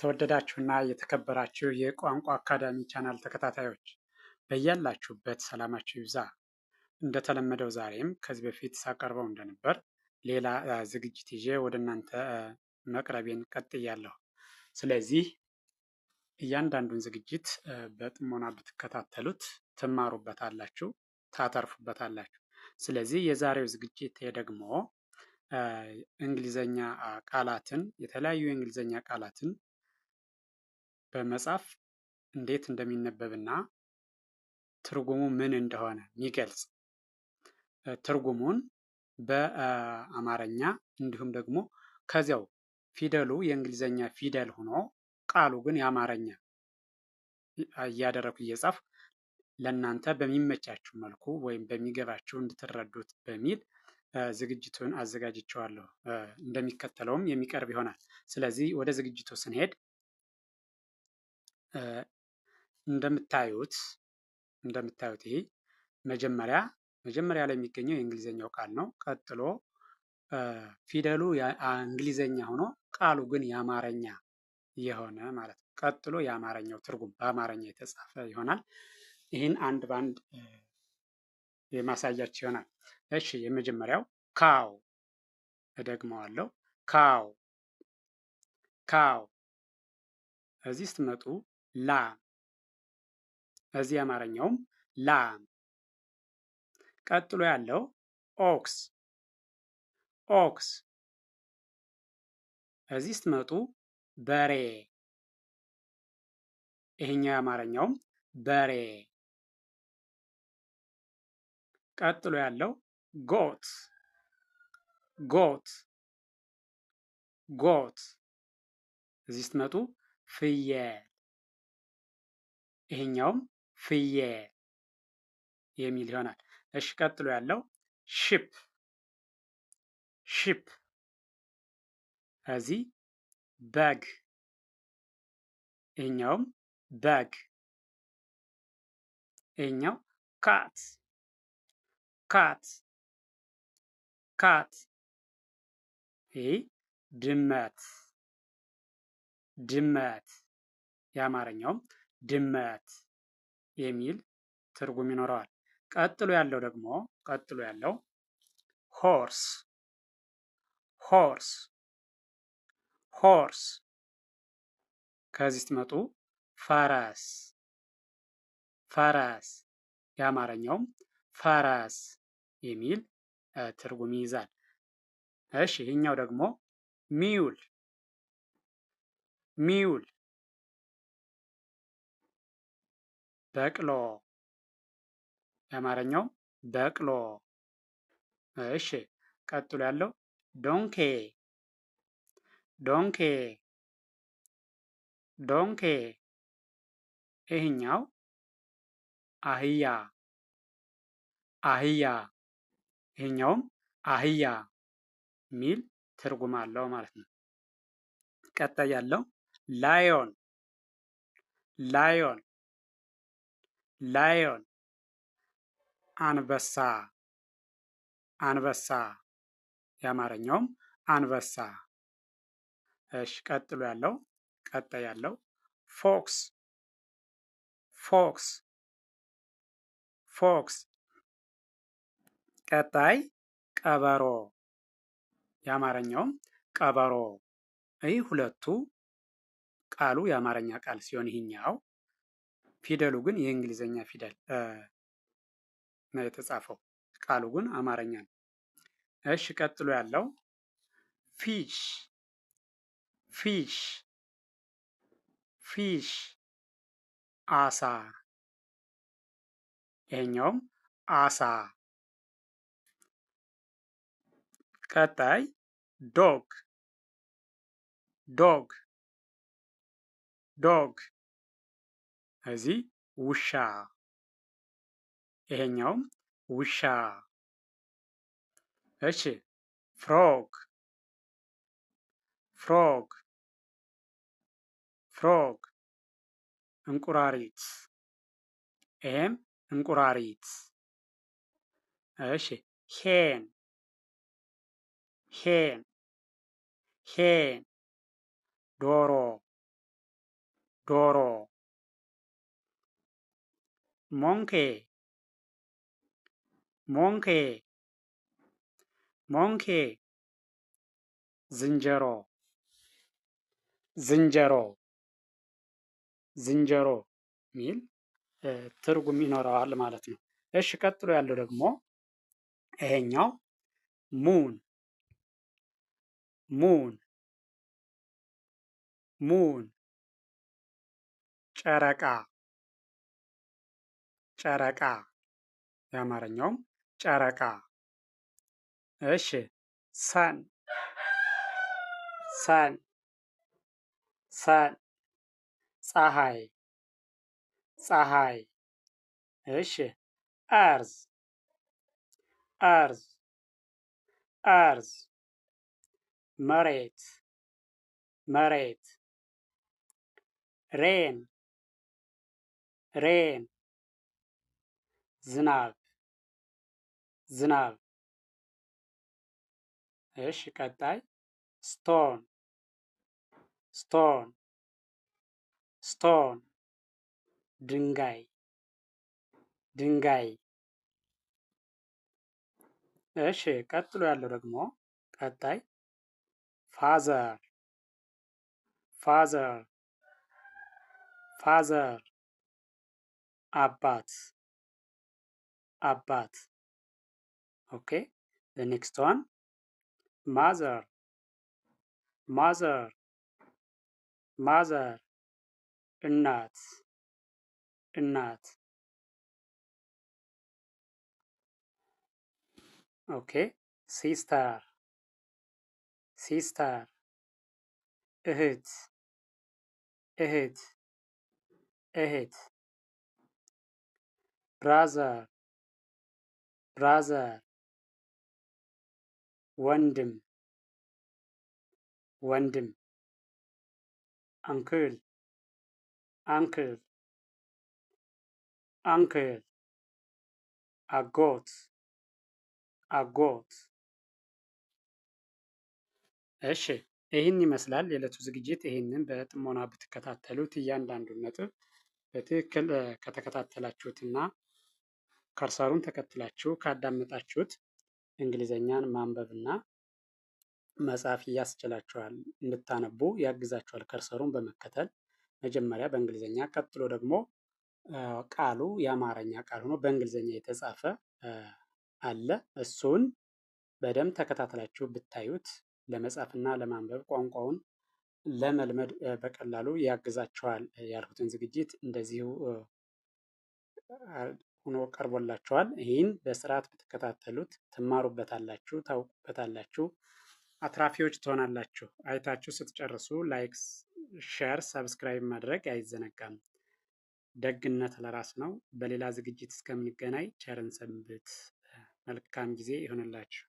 የተወደዳችሁና የተከበራችሁ የቋንቋ አካዳሚ ቻናል ተከታታዮች በያላችሁበት ሰላማችሁ ይብዛ። እንደተለመደው ዛሬም ከዚህ በፊት ሳቀርበው እንደነበር ሌላ ዝግጅት ይዤ ወደ እናንተ መቅረቤን ቀጥያለሁ። ስለዚህ እያንዳንዱን ዝግጅት በጥሞና ብትከታተሉት ትማሩበታላችሁ፣ ታተርፉበታላችሁ። ስለዚህ የዛሬው ዝግጅት ደግሞ እንግሊዘኛ ቃላትን የተለያዩ የእንግሊዘኛ ቃላትን በመጻፍ እንዴት እንደሚነበብና ትርጉሙ ምን እንደሆነ የሚገልጽ ትርጉሙን በአማርኛ እንዲሁም ደግሞ ከዚያው ፊደሉ የእንግሊዘኛ ፊደል ሆኖ ቃሉ ግን የአማርኛ እያደረኩ እየጻፍ ለእናንተ በሚመቻችሁ መልኩ ወይም በሚገባችሁ እንድትረዱት በሚል ዝግጅቱን አዘጋጅቸዋለሁ። እንደሚከተለውም የሚቀርብ ይሆናል። ስለዚህ ወደ ዝግጅቱ ስንሄድ እንደምታዩት እንደምታዩት ይሄ መጀመሪያ መጀመሪያ ላይ የሚገኘው የእንግሊዘኛው ቃል ነው። ቀጥሎ ፊደሉ እንግሊዘኛ ሆኖ ቃሉ ግን የአማርኛ የሆነ ማለት ነው። ቀጥሎ የአማርኛው ትርጉም በአማርኛ የተጻፈ ይሆናል። ይህን አንድ በአንድ የማሳያች ይሆናል። እሺ የመጀመሪያው ካው፣ እደግመዋለሁ። ካው ካው። እዚህ ስትመጡ ላ እዚህ የአማርኛውም ላ። ቀጥሎ ያለው ኦክስ ኦክስ። እዚህ ስትመጡ በሬ፣ ይሄኛው የአማርኛውም በሬ። ቀጥሎ ያለው ጎት ጎት ጎት። እዚህ ስትመጡ ፍየል ይሄኛውም ፍየ የሚል ይሆናል። እሺ ቀጥሎ ያለው ሽፕ ሽፕ እዚህ በግ ይሄኛውም በግ ይሄኛው ካት ካት ካት ይሄ ድመት ድመት የአማርኛውም ድመት የሚል ትርጉም ይኖረዋል። ቀጥሎ ያለው ደግሞ ቀጥሎ ያለው ሆርስ ሆርስ ሆርስ ከዚህ ስትመጡ ፈረስ ፈረስ የአማርኛውም ፈረስ የሚል ትርጉም ይይዛል። እሺ ይህኛው ደግሞ ሚውል ሚውል በቅሎ የአማርኛው በቅሎ። እሺ፣ ቀጥሎ ያለው ዶንኬ ዶንኬ ዶንኬ። ይህኛው አህያ አህያ፣ ይህኛውም አህያ የሚል ትርጉም አለው ማለት ነው። ቀጣይ ያለው ላዮን ላዮን ላዮን አንበሳ አንበሳ የአማርኛውም አንበሳ። እሽ ቀጥሎ ያለው ቀጠ ያለው ፎክስ ፎክስ ፎክስ። ቀጣይ ቀበሮ የአማርኛውም ቀበሮ። ይህ ሁለቱ ቃሉ የአማርኛ ቃል ሲሆን ይህኛው ፊደሉ ግን የእንግሊዘኛ ፊደል ነው የተጻፈው። ቃሉ ግን አማርኛ ነው። እሽ ቀጥሎ ያለው ፊሽ ፊሽ ፊሽ አሳ። ይሄኛውም አሳ። ቀጣይ ዶግ ዶግ ዶግ እዚህ ውሻ፣ ይሄኛውም ውሻ። እሺ ፍሮግ ፍሮግ ፍሮግ እንቁራሪት ይሄም እንቁራሪት። እሺ ሄን ሄን ሄን ዶሮ ዶሮ monkey monkey monkey ዝንጀሮ ዝንጀሮ ዝንጀሮ የሚል ትርጉም ይኖረዋል ማለት ነው። እሺ ቀጥሎ ያለው ደግሞ ይሄኛው ሙን ሙን ሙን ጨረቃ ጨረቃ የአማርኛውም ጨረቃ። እሺ ሰን ሰን ሰን ፀሐይ ፀሐይ። እሺ አርዝ አርዝ አርዝ መሬት መሬት ሬን ሬን ዝናብ ዝናብ። እሺ ቀጣይ ስቶን ስቶን ስቶን ድንጋይ ድንጋይ። እሺ ቀጥሎ ያለው ደግሞ ቀጣይ ፋዘር ፋዘር ፋዘር አባት abbat. Okay, the next one, mother, mother, mother, innat, innat. Okay, sister, sister, ahit, ahit, ahit, brother, ብራዘር ወንድም ወንድም አንክል አንክል አንክል አጎት አጎት እሺ ይህን ይመስላል የዕለቱ ዝግጅት። ይህንን በጥሞና ብትከታተሉት እያንዳንዱን ነጥብ በትክክል ከተከታተላችሁትና ከርሰሩን ተከትላችሁ ካዳመጣችሁት እንግሊዘኛን ማንበብና መጻፍ እያስችላችኋል፣ እንድታነቡ ያግዛችኋል። ከርሰሩን በመከተል መጀመሪያ በእንግሊዘኛ ቀጥሎ ደግሞ ቃሉ የአማርኛ ቃል ሆኖ በእንግሊዘኛ የተጻፈ አለ። እሱን በደንብ ተከታትላችሁ ብታዩት ለመጻፍና ለማንበብ ቋንቋውን ለመልመድ በቀላሉ ያግዛችኋል። ያልኩትን ዝግጅት እንደዚሁ ሆኖ ቀርቦላችኋል። ይህን በስርዓት ብትከታተሉት ትማሩበታላችሁ፣ ታውቁበታላችሁ፣ አትራፊዎች ትሆናላችሁ። አይታችሁ ስትጨርሱ ላይክ፣ ሼር፣ ሰብስክራይብ ማድረግ አይዘነጋም። ደግነት ለራስ ነው። በሌላ ዝግጅት እስከምንገናኝ ቸርን ሰንብት። መልካም ጊዜ ይሆንላችሁ።